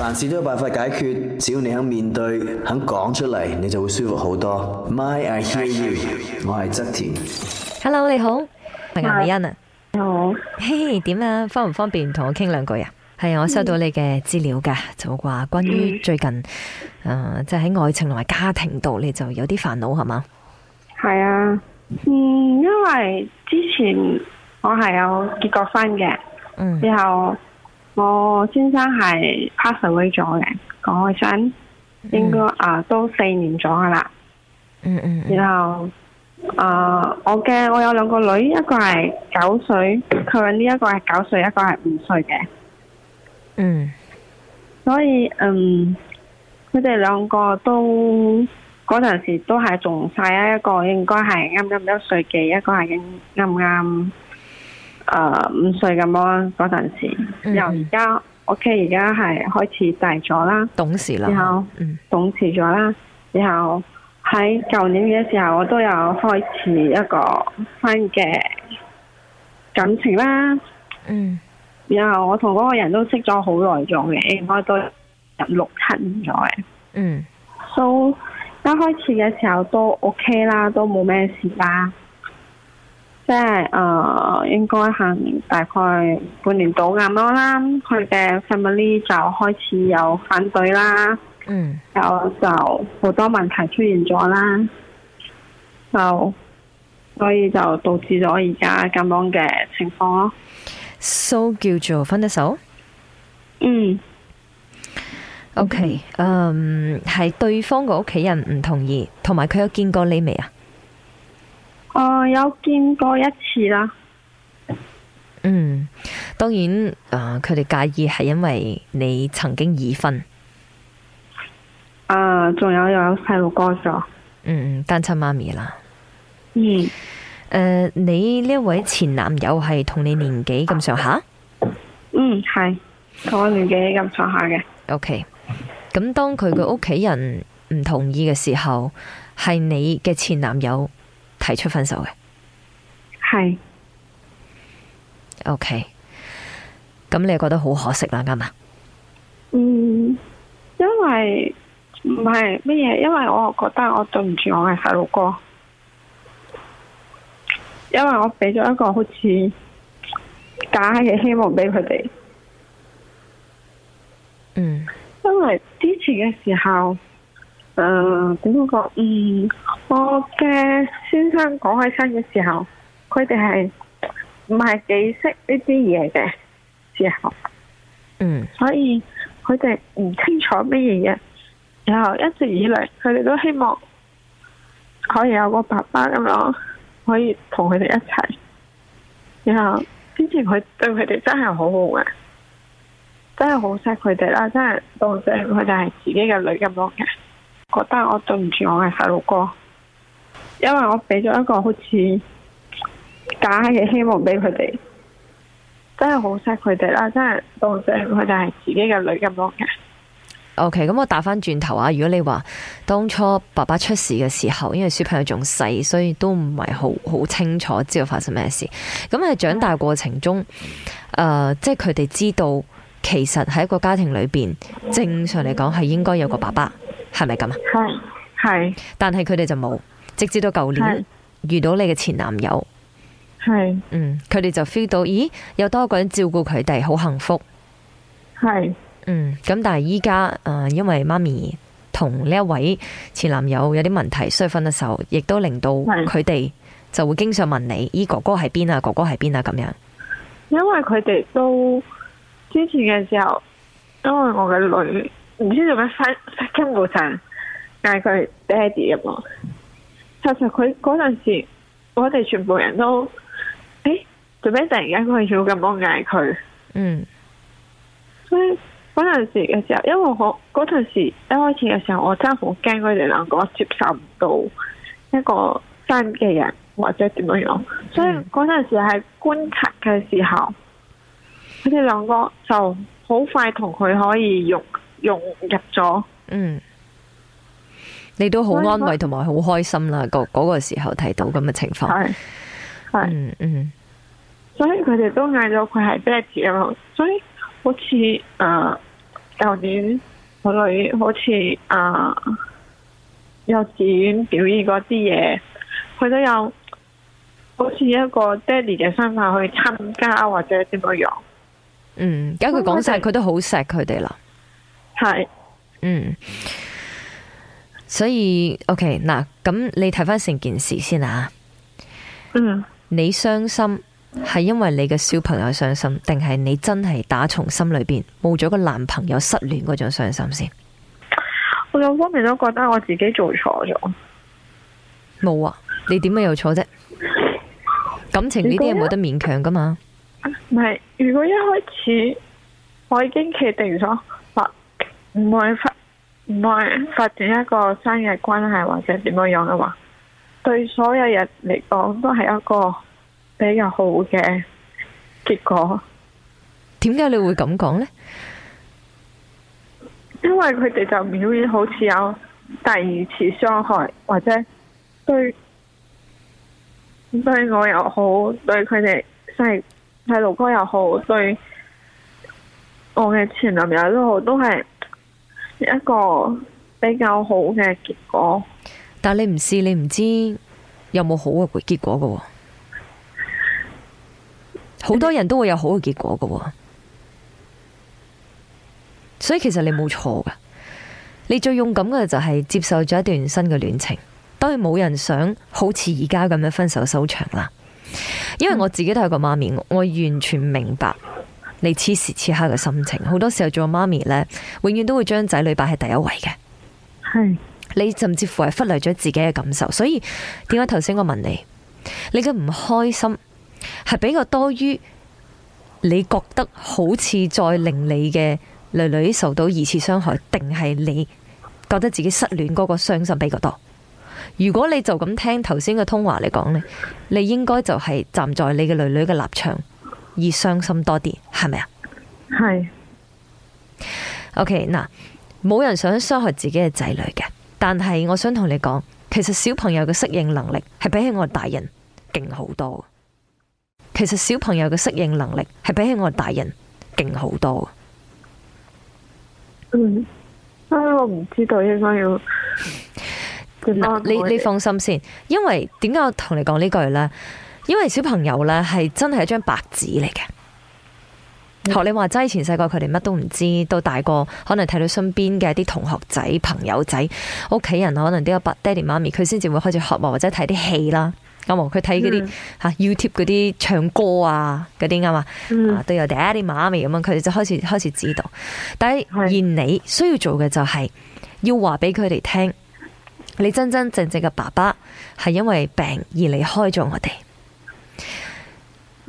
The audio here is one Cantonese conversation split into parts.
凡事都有辦法解決，只要你肯面對，肯講出嚟，你就會舒服好多。My I hear you，我係側田。Hello，你好，係阿美欣啊。你好，嘿，點啊？方唔方便同我傾兩句啊？係、mm. 我收到你嘅資料噶，就話關於最近，誒、mm. 呃，即係喺愛情同埋家庭度，你就有啲煩惱係嘛？係啊，嗯，因為之前我係有結過婚嘅，嗯，之後。我先生係 pass away 咗嘅，講起身應該、嗯、啊都四年咗噶啦，嗯嗯，然後啊、呃、我嘅我有兩個女，一個係九歲，佢呢一個係九歲，一個係五歲嘅，嗯，所以嗯佢哋兩個都嗰陣時都係仲細啊，一個應該係啱啱一歲幾，一個係啱啱。誒、uh,，五歲咁咯，嗰陣時，然後而家屋企而家係開始大咗啦，嗯、懂事啦，然後懂事咗啦，然後喺舊年嘅時候，我都有開始一個新嘅感情啦。嗯，然後我同嗰個人都識咗好耐咗嘅，應該都入六七年咗嘅。嗯、so,，都一開始嘅時候都 OK 啦，都冇咩事啦。即係誒，應該係大概半年到咁多啦。佢嘅 family 就開始有反對啦，嗯，有就好多問題出現咗啦，就所以就導致咗而家咁樣嘅情況咯。So 叫做分得手。嗯。OK，嗯，係對方嘅屋企人唔同意，同埋佢有見過你未啊？誒、呃，有見過一次啦。嗯，當然，誒、呃，佢哋介意係因為你曾經已婚。誒，仲有又有細路哥咗。嗯，單親媽咪啦。嗯。誒，你呢一位前男友係同你年紀咁上下？嗯，係同我年紀咁上下嘅。OK。咁當佢嘅屋企人唔同意嘅時候，係你嘅前男友。提出分手嘅係，OK，咁你又覺得好可惜啦啱嘛？嗯，因為唔係乜嘢，因為我覺得我對唔住我嘅細路哥，因為我俾咗一個好似假嘅希望俾佢哋。嗯，因為之前嘅時候。誒，點講？嗯，我嘅先生講起身嘅時候，佢哋係唔係幾識呢啲嘢嘅時候，嗯，所以佢哋唔清楚乜嘢嘢，然後一直以嚟，佢哋都希望可以有一個爸爸咁樣，可以同佢哋一齊。然後之前佢對佢哋真係好好啊，真係好錫佢哋啦，真係當成佢哋係自己嘅女咁樣嘅。覺得我對唔住我嘅細路哥，因為我俾咗一個好似假嘅希望俾佢哋，真係好錫佢哋啦，真係當真佢哋係自己嘅女咁樣嘅。OK，咁我打翻轉頭啊！如果你話當初爸爸出事嘅時候，因為小朋友仲細，所以都唔係好好清楚知道發生咩事。咁喺長大過程中，誒、呃，即係佢哋知道，其實喺一個家庭裏邊，正常嚟講係應該有個爸爸。係咪咁啊？係係，但係佢哋就冇，直至到舊年遇到你嘅前男友，係嗯，佢哋就 feel 到，咦，有多個人照顧佢哋，好幸福。係嗯，咁但係依家誒，因為媽咪同呢一位前男友有啲問題，所以分嘅時候，亦都令到佢哋就會經常問你，咦，哥哥喺邊啊？哥哥喺邊啊？咁樣。因為佢哋都之前嘅時候，因為我嘅女。唔知做咩翻翻金冇賺，嗌佢爹哋咁咯。其實佢嗰陣時，我哋全部人都誒，做咩突然間佢要咁樣嗌佢？嗯，所以嗰陣時嘅時候，因為我嗰陣時一開始嘅時候，我真係好驚佢哋兩個接受唔到一個新嘅人或者點樣樣，所以嗰陣時係觀察嘅時候，佢哋兩個就好快同佢可以用。融入咗，嗯，你都好安慰同埋好開心啦！嗰嗰、嗰個時候睇到咁嘅情況，係，係，嗯嗯，所以佢哋都嗌咗佢係爹哋啊嘛，所以好似誒舊年我女好似啊、呃、幼稚園表演嗰啲嘢，佢都有好似一個爹哋嘅身份去參加或者點樣樣，嗯，而家佢講晒，佢都好錫佢哋啦。係，嗯，所以 OK 嗱，咁你睇翻成件事先啊，嗯，你傷心係因為你嘅小朋友傷心，定係你真係打從心裏邊冇咗個男朋友失戀嗰種傷心先？我兩方面都覺得我自己做錯咗。冇啊，你點解又錯啫？感情呢啲冇得勉強噶嘛？唔係，如果一開始我已經決定咗。唔會發唔會發展一個生日關係或者點樣樣嘅話，對所有人嚟講都係一個比較好嘅結果。點解你會咁講呢？因為佢哋就表現好似有第二次傷害，或者對對我又好，對佢哋即係路哥又好，對我嘅前男友都好，都係。一個比較好嘅結果，但你唔試你唔知有冇好嘅結果嘅，好多人都會有好嘅結果嘅，所以其實你冇錯嘅，你最勇敢嘅就係接受咗一段新嘅戀情，當然冇人想好似而家咁樣分手收場啦，因為我自己都係個媽咪，我完全明白。你此時此刻嘅心情，好多時候做媽咪呢，永遠都會將仔女擺喺第一位嘅。係你甚至乎係忽略咗自己嘅感受，所以點解頭先我問你，你嘅唔開心係比較多於你覺得好似再令你嘅女女受到二次傷害，定係你覺得自己失戀嗰個傷心比較多？如果你就咁聽頭先嘅通話嚟講呢，你應該就係站在你嘅女女嘅立場。以傷心多啲係咪啊？係。OK 嗱，冇人想傷害自己嘅仔女嘅，但係我想同你講，其實小朋友嘅適應能力係比起我大人勁好多。其實小朋友嘅適應能力係比起我大人勁好多。嗯，我唔知道應該要嗱，你你放心先，因為點解我同你講呢句呢？因為小朋友咧，係真係一張白紙嚟嘅，學、mm. 你話齋，前細個佢哋乜都唔知，到大個可能睇到身邊嘅啲同學仔、朋友仔、屋企人，可能都有爸、爹哋、媽咪，佢先至會開始學或者睇啲戲啦。咁佢睇嗰啲吓 YouTube 嗰啲唱歌啊，嗰啲吖嘛，mm. 都有爹哋媽咪咁樣，佢哋就開始開始知道。但係而你需要做嘅就係要話俾佢哋聽，你真真正正嘅爸爸係因為病而離開咗我哋。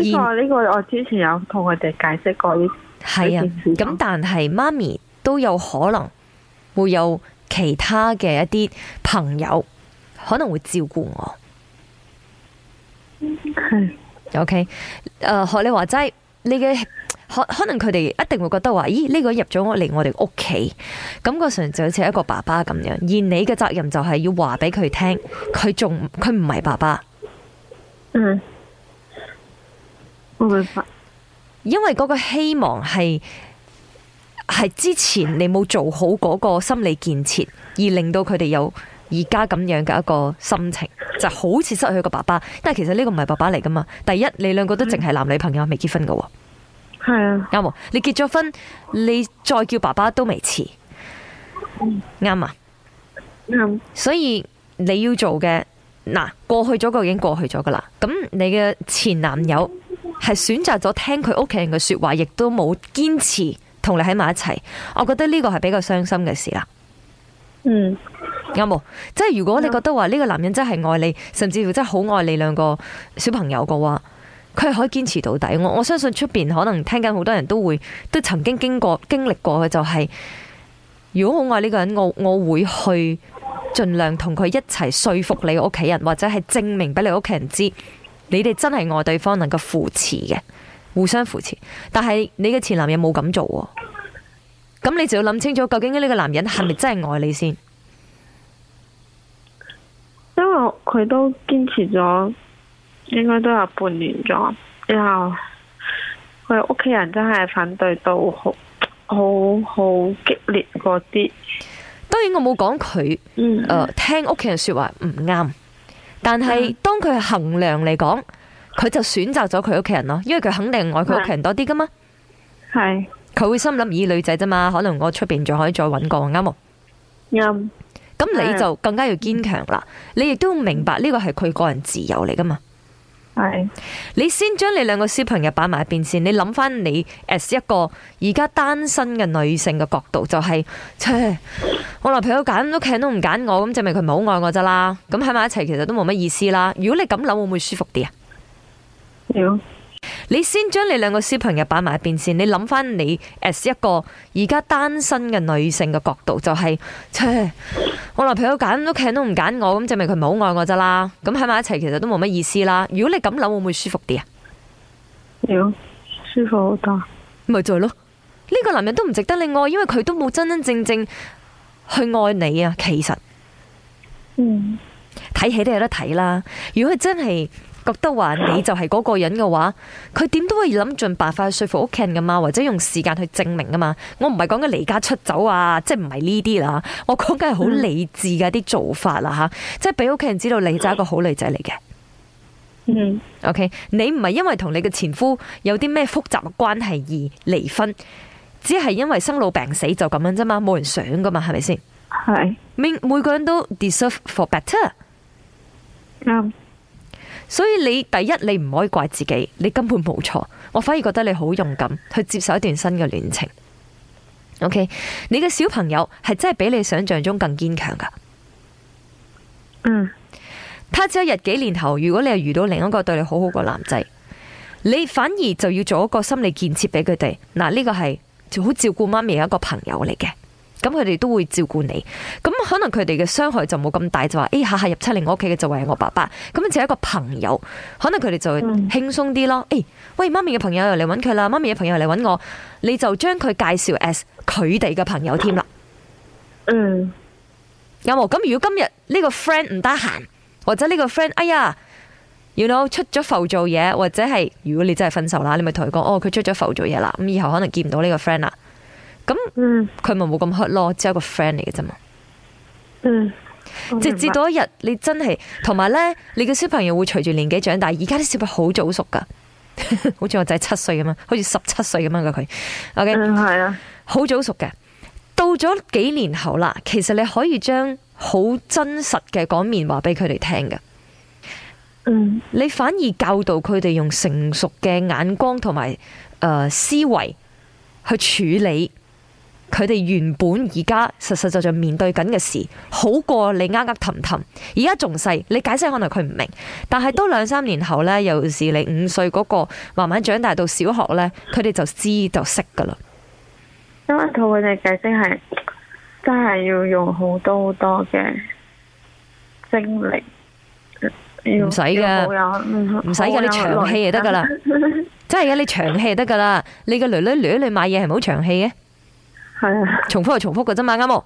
呢個我之前有同佢哋解釋過啲係啊。咁但係媽咪都有可能會有其他嘅一啲朋友可能會照顧我。係、嗯、OK，誒、學、呃、你話齋，你嘅可可能佢哋一定會覺得話，咦，呢、這個入咗我嚟，我哋屋企，感覺上就好似一個爸爸咁樣。而你嘅責任就係要話俾佢聽，佢仲佢唔係爸爸。嗯。因為嗰個希望係係之前你冇做好嗰個心理建設，而令到佢哋有而家咁樣嘅一個心情，就好似失去個爸爸。但係其實呢個唔係爸爸嚟噶嘛。第一，你兩個都淨係男女朋友，未、嗯、結婚噶。係、嗯、啊，啱喎。你結咗婚，你再叫爸爸都未遲。啱、嗯、啊。啱、嗯，所以你要做嘅，嗱，過去咗個已經過去咗噶啦。咁你嘅前男友。係選擇咗聽佢屋企人嘅說話，亦都冇堅持同你喺埋一齊。我覺得呢個係比較傷心嘅事啦。嗯，啱冇。即係如果你覺得話呢個男人真係愛你，甚至乎真係好愛你兩個小朋友嘅話，佢係可以堅持到底。我我相信出邊可能聽緊好多人都會都曾經經過經歷過嘅就係、是，如果好愛呢個人，我我會去盡量同佢一齊說服你屋企人，或者係證明俾你屋企人知。你哋真係愛對方，能夠扶持嘅，互相扶持。但係你嘅前男友冇咁做，咁你就要諗清楚，究竟呢個男人係咪真係愛你先？因為佢都堅持咗，應該都有半年咗，然後佢屋企人真係反對到好，好好激烈嗰啲。當然我冇講佢，誒、嗯呃，聽屋企人說話唔啱。但係，當佢係衡量嚟講，佢就選擇咗佢屋企人咯，因為佢肯定愛佢屋企人多啲噶嘛。係，佢會心諗以女仔啫嘛，可能我出邊仲可以再揾個啱喎。啱，咁你就更加要堅強啦，你亦都明白呢個係佢個人自由嚟噶嘛。係，你先將你兩個小朋友擺埋一邊先，你諗翻你 as 一個而家單身嘅女性嘅角度，就係、是，我男朋友揀屋企人都唔揀我，咁證明佢唔係好愛我咋啦。咁喺埋一齊其實都冇乜意思啦。如果你咁諗，會唔會舒服啲啊？Yeah. 你先將你兩個小朋友擺埋一邊先，你諗翻你 as 一個而家單身嘅女性嘅角度，就係，切，我男朋友揀屋企人都唔揀我，咁證明佢唔好愛我咋啦。咁喺埋一齊其實都冇乜意思啦。如果你咁諗，會唔會舒服啲啊？係舒服好多，咪就係咯。呢個男人都唔值得你愛，因為佢都冇真真正正去愛你啊。其實，嗯，睇起都有得睇啦。如果佢真係，覺得話你就係嗰個人嘅話，佢點都會諗盡辦法去說服屋企人噶嘛，或者用時間去證明噶嘛。我唔係講緊離家出走啊，即係唔係呢啲啦。我講緊係好理智嘅一啲做法啦、啊、吓，即係俾屋企人知道你就係一個好女仔嚟嘅。嗯、mm.，OK，你唔係因為同你嘅前夫有啲咩複雜嘅關係而離婚，只係因為生老病死就咁樣啫嘛，冇人想噶嘛，係咪先？係，明每個人都 deserve for better。啱。所以你第一你唔可以怪自己，你根本冇錯，我反而覺得你好勇敢去接受一段新嘅戀情。OK，你嘅小朋友係真係比你想象中更堅強噶。嗯，他朝一日幾年後，如果你又遇到另一個對你好好嘅男仔，你反而就要做一個心理建設俾佢哋。嗱，呢個係就好照顧媽咪嘅一個朋友嚟嘅。咁佢哋都會照顧你，咁可能佢哋嘅傷害就冇咁大，就話誒下下入七零我屋企嘅就會係我爸爸，咁似一個朋友，可能佢哋就會輕鬆啲咯。誒、嗯哎，喂，媽咪嘅朋友又嚟搵佢啦，媽咪嘅朋友嚟搵我，你就將佢介紹 as 佢哋嘅朋友添啦。嗯。有冇？咁如果今日呢個 friend 唔得閒，或者呢個 friend 哎呀，you know 出咗埠做嘢，或者係如果你真係分手啦，你咪同佢講哦，佢出咗埠做嘢啦，咁以後可能見唔到呢個 friend 啦。咁佢咪冇咁黑咯？只有一個 friend 嚟嘅啫嘛。嗯，直至到一日，你真係同埋咧，你嘅小朋友會隨住年紀長大。而家啲小朋友好早熟噶， 好似我仔七歲咁樣，好似十七歲咁樣嘅。佢、okay? 嗯。O K，係啊，好早熟嘅。到咗幾年後啦，其實你可以將好真實嘅講面話俾佢哋聽嘅。嗯，你反而教導佢哋用成熟嘅眼光同埋誒思維去處理。佢哋原本而家實實在在面對緊嘅事，好過你呃呃氹氹。而家仲細，你解釋可能佢唔明，但係都兩三年後呢，尤其是你五歲嗰個慢慢長大到小學呢，佢哋就知就識噶啦。因為同佢哋解釋係真係要用好多好多嘅精力，唔使噶，唔使噶，你長氣就得噶啦， 真係噶，你長氣就得噶啦。你個女女女女買嘢係唔好長氣嘅。係啊、嗯，重複就重複噶啫嘛，啱唔？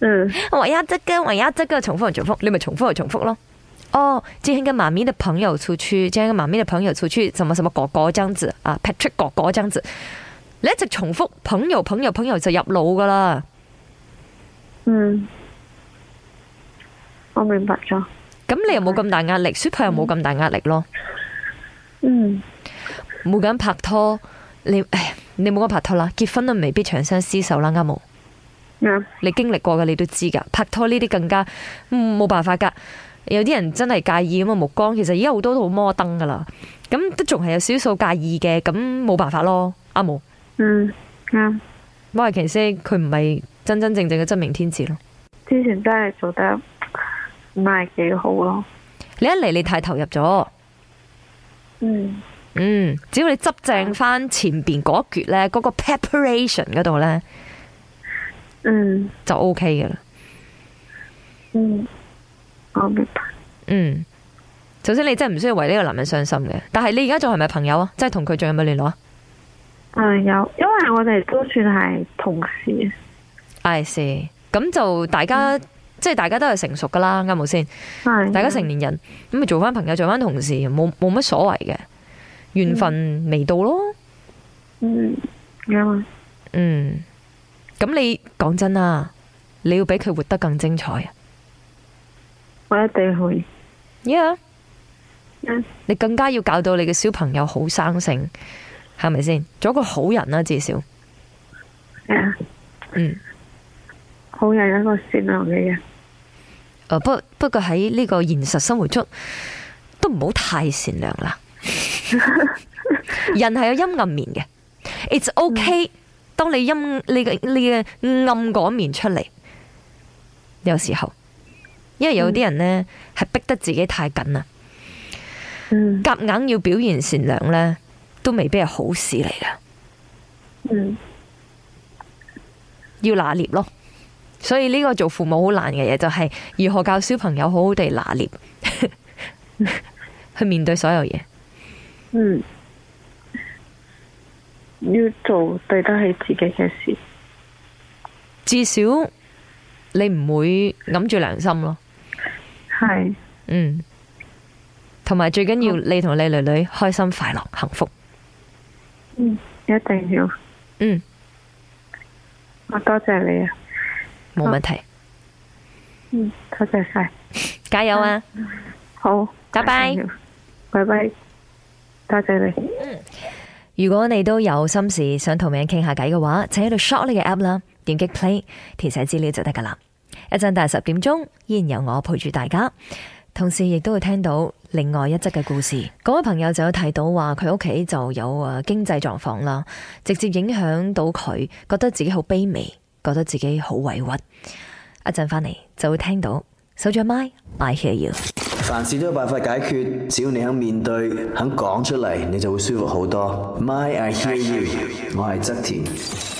嗯，我一一個，我一一個，重複就重複，你咪重複就重複咯。哦，志興嘅媽咪嘅朋友出去，將個媽咪嘅朋友出去，什麼什麼哥哥這樣子啊，Patrick 哥哥這樣子。你一直重複，朋友朋友朋友就入腦噶啦。嗯，我明白咗。咁你又冇咁大壓力小朋友又冇咁大壓力咯。嗯，冇咁拍拖，你。你冇講拍拖啦，結婚都未必長相廝守啦，阿毛。咩、yeah.？你經歷過嘅，你都知噶。拍拖呢啲更加冇、嗯、辦法噶。有啲人真係介意咁嘅目光，其實而家好多都好摩登噶啦。咁都仲係有少數介意嘅，咁冇辦法咯，阿毛。嗯、mm. 嗯、yeah.。摩爾奇斯佢唔係真真正正嘅真命天子咯。之前真係做得唔係幾好咯。你一嚟你太投入咗。嗯、mm.。嗯，只要你執正翻前邊嗰一橛咧，嗰、嗰個 preparation 嗰度咧，嗯就 O K 嘅啦。嗯，我明白。嗯，首先你真係唔需要為呢個男人傷心嘅，但係你而家仲係咪朋友啊？即係同佢仲有冇聯絡啊？誒、嗯，有，因為我哋都算係同事，I see，咁就大家、嗯、即係大家都係成熟噶啦，啱冇先係，大家成年人咁咪做翻朋友，做翻同事，冇冇乜所謂嘅。緣分未到咯，嗯啱啊，嗯，咁你講真啊，你要比佢活得更精彩啊，我一定去，依你更加要教到你嘅小朋友好生性，係咪先？做一個好人啦，啊，至少，嗯，好人一個善良嘅人，不不過喺呢個現實生活中，都唔好太善良啦。 人係有陰暗面嘅，It's OK、嗯。當你陰你嘅你嘅暗嗰面出嚟，有時候，因為有啲人呢係、嗯、逼得自己太緊啦，夾、嗯、硬要表現善良呢，都未必係好事嚟㗎、嗯。要拿捏咯。所以呢個做父母好難嘅嘢，就係、是、如何教小朋友好好地拿捏 去面對所有嘢。嗯，要做對得起自己嘅事，至少你唔會揞住良心咯。係，嗯，同埋最緊要你同你女女開心快樂幸福。嗯，一定要。嗯，我多謝你啊。冇問題。嗯，多謝晒，加油啊，嗯！好，拜拜，拜拜。多謝你。嗯，如果你都有心事想同人傾下偈嘅話，請喺度 shot 你嘅 app 啦，點擊 play，填寫資料就得噶啦。一陣大十點鐘，依然由我陪住大家，同時亦都會聽到另外一則嘅故事。嗰位朋友就有提到話，佢屋企就有誒經濟狀況啦，直接影響到佢覺得自己好卑微，覺得自己好委屈。一陣翻嚟就會聽到。手掌咪，I hear you。凡事都有辦法解決，只要你肯面對，肯講出嚟，你就會舒服好多。咪，I hear you。我係側田。